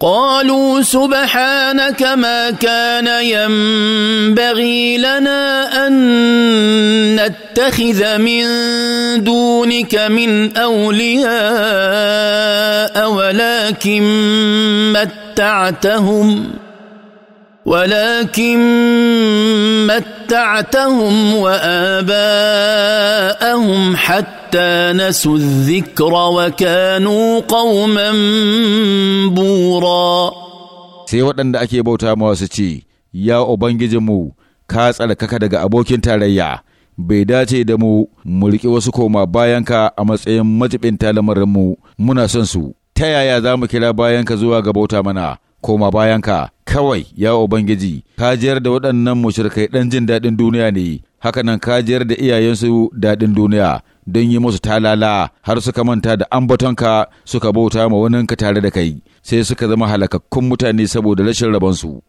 قالوا سبحانك ما كان ينبغي لنا ان نتخذ من دونك من اولياء ولكن متعتهم ولكن متعتهم واباءهم حتى نسوا الذكر وكانوا قوما sai waɗanda ake bauta mawa su ce, Ya Ubangijinmu, ka tsarkaka daga abokin tarayya, bai dace da mu mu riƙe wasu koma bayanka a matsayin majibinta talamarinmu muna son su, ta yaya za mu kira bayanka zuwa ga bauta mana, koma bayanka, kawai, ya Ubangiji, ka jiyar da waɗannan shirkai ɗan jin daɗin duniya ne, hakanan ka jiyar da iyayensu daɗin duniya, don yi musu talala har suka manta da ambatonka suka bauta ma ka tare da kai sai suka zama halakakkun mutane saboda rashin rabonsu.